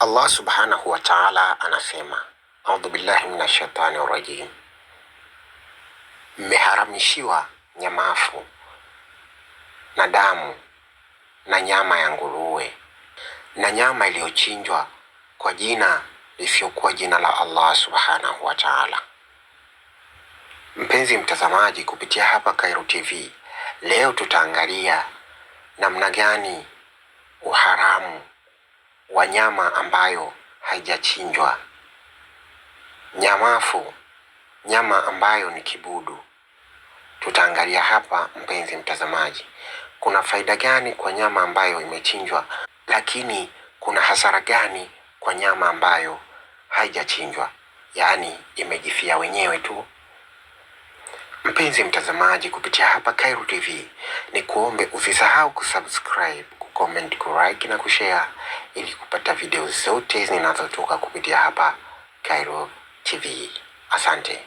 Allah subhanahu wa taala anasema, audhu billahi min ashaitani rajim, mmeharamishiwa nyamafu na damu na nyama ya nguruwe na nyama iliyochinjwa kwa jina lisiyokuwa jina la Allah subhanahu wa taala. Mpenzi mtazamaji, kupitia hapa Khairo TV leo tutaangalia namna gani uharamu wa nyama ambayo haijachinjwa, nyamafu, nyama ambayo ni kibudu. Tutaangalia hapa, mpenzi mtazamaji, kuna faida gani kwa nyama ambayo imechinjwa, lakini kuna hasara gani kwa nyama ambayo haijachinjwa, yaani imejifia wenyewe tu. Mpenzi mtazamaji, kupitia hapa Khairo TV, ni kuombe usisahau kusubscribe kucomment, kulike na kushare ili kupata video zote zinazotoka kupitia hapa Khairo TV. Asante.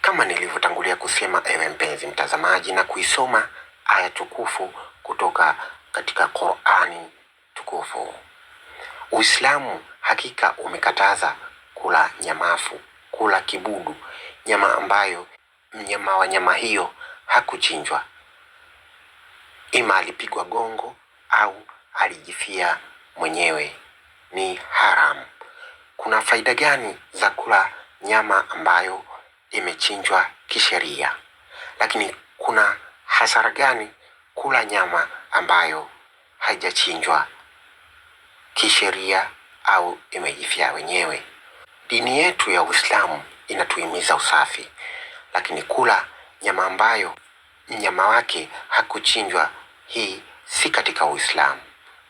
Kama nilivyotangulia kusema, ewe mpenzi mtazamaji, na kuisoma aya tukufu kutoka katika Qur'ani tukufu. Uislamu hakika umekataza kula nyamafu, kula kibudu, nyama ambayo mnyama wa nyama hiyo hakuchinjwa ima alipigwa gongo au alijifia mwenyewe, ni haramu. Kuna faida gani za kula nyama ambayo imechinjwa kisheria? Lakini kuna hasara gani kula nyama ambayo haijachinjwa kisheria au imejifia wenyewe? Dini yetu ya Uislamu inatuhimiza usafi, lakini kula nyama ambayo mnyama wake hakuchinjwa hii si katika Uislamu.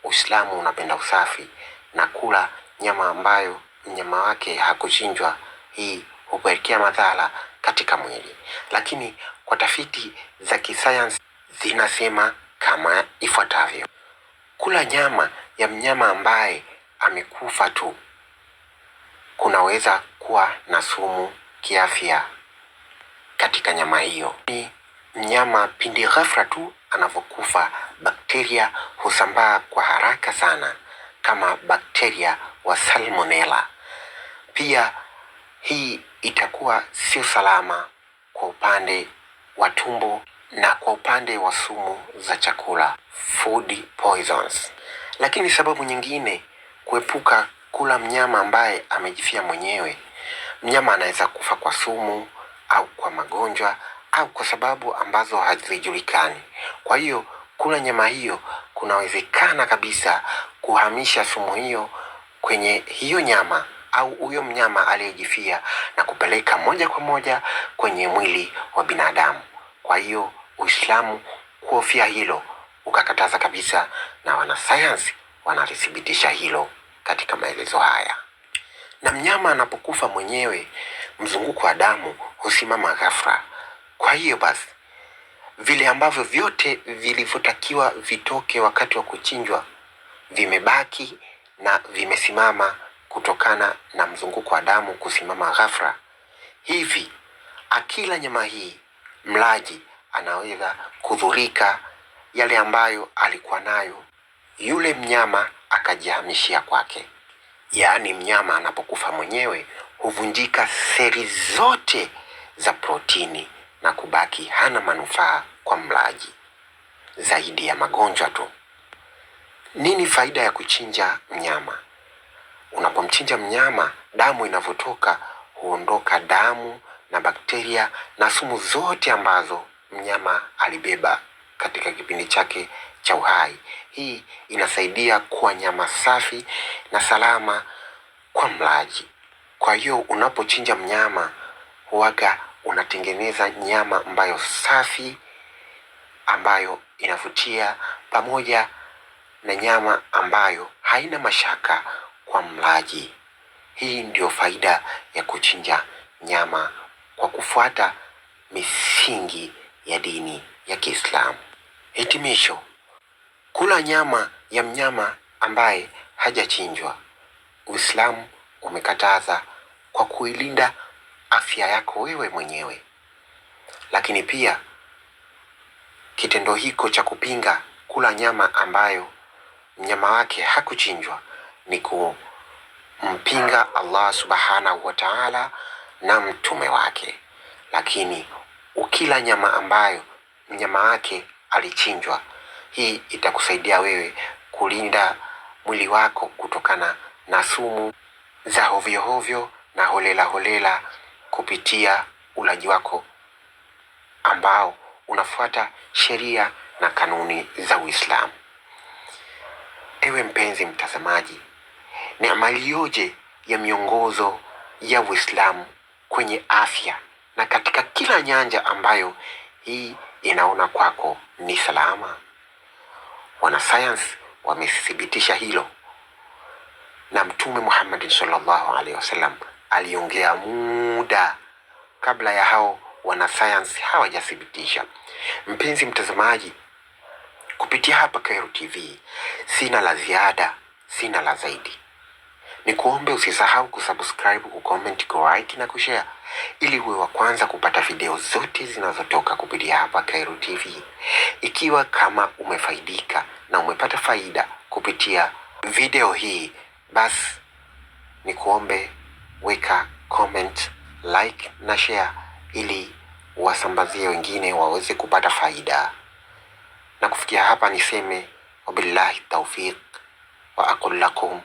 Uislamu unapenda usafi na kula nyama ambayo mnyama wake hakuchinjwa, hii hupelekea madhara katika mwili. Lakini kwa tafiti za kisayansi zinasema kama ifuatavyo: kula nyama ya mnyama ambaye amekufa tu kunaweza kuwa na sumu kiafya katika nyama hiyo. Ni mnyama pindi ghafla tu anavyokufa bakteria husambaa kwa haraka sana kama bakteria wa salmonella. Pia hii itakuwa sio salama kwa upande wa tumbo na kwa upande wa sumu za chakula food poisons. Lakini sababu nyingine, kuepuka kula mnyama ambaye amejifia mwenyewe. Mnyama anaweza kufa kwa sumu au kwa magonjwa au kwa sababu ambazo hazijulikani. Kwa hiyo kula nyama hiyo kunawezekana kabisa kuhamisha sumu hiyo kwenye hiyo nyama au huyo mnyama aliyejifia na kupeleka moja kwa moja kwenye mwili wa binadamu. Kwa hiyo Uislamu kuhofia hilo ukakataza kabisa, na wanasayansi wanalithibitisha hilo katika maelezo haya. Na mnyama anapokufa mwenyewe, mzunguko wa damu husimama ghafla. Kwa hiyo basi vile ambavyo vyote vilivyotakiwa vitoke wakati wa kuchinjwa vimebaki na vimesimama kutokana na mzunguko wa damu kusimama ghafla. Hivi akila nyama hii, mlaji anaweza kudhurika yale ambayo alikuwa nayo yule mnyama akajihamishia kwake. Yaani, mnyama anapokufa mwenyewe huvunjika seli zote za protini na kubaki hana manufaa kwa mlaji zaidi ya magonjwa tu. Nini faida ya kuchinja mnyama? Unapomchinja mnyama, damu inavyotoka huondoka damu na bakteria na sumu zote ambazo mnyama alibeba katika kipindi chake cha uhai. Hii inasaidia kuwa nyama safi na salama kwa mlaji. Kwa hiyo unapochinja mnyama huaga unatengeneza nyama ambayo safi, ambayo inavutia, pamoja na nyama ambayo haina mashaka kwa mlaji. Hii ndiyo faida ya kuchinja nyama kwa kufuata misingi ya dini ya Kiislamu. Hitimisho, kula nyama ya mnyama ambaye hajachinjwa, Uislamu umekataza kwa kuilinda afya yako wewe mwenyewe. Lakini pia kitendo hiko cha kupinga kula nyama ambayo mnyama wake hakuchinjwa ni kumpinga Allah subhanahu wa ta'ala na mtume wake. Lakini ukila nyama ambayo mnyama wake alichinjwa, hii itakusaidia wewe kulinda mwili wako kutokana na sumu za hovyohovyo na holela holela kupitia ulaji wako ambao unafuata sheria na kanuni za Uislamu. Ewe mpenzi mtazamaji, ni amali yoje ya miongozo ya Uislamu kwenye afya na katika kila nyanja ambayo hii inaona kwako ni salama. Wanasayansi wamethibitisha hilo na Mtume Muhammad sallallahu alaihi wasallam aliongea muda kabla ya hao wanasayansi hawajathibitisha. Mpenzi mtazamaji, kupitia hapa Khairo TV sina la ziada, sina la zaidi. Ni kuombe usisahau kusubscribe, kucomment, kulike na kushare ili uwe wa kwanza kupata video zote zinazotoka kupitia hapa Khairo TV. Ikiwa kama umefaidika na umepata faida kupitia video hii, basi ni kuombe weka comment, like na share ili wasambazie wengine waweze kupata faida. Na kufikia hapa niseme wabillahi taufiq wa aqul lakum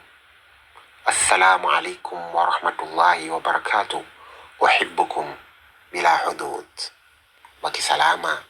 assalamu alaikum wa rahmatullahi wa barakatuh, uhibbukum bila hudud, wakisalama.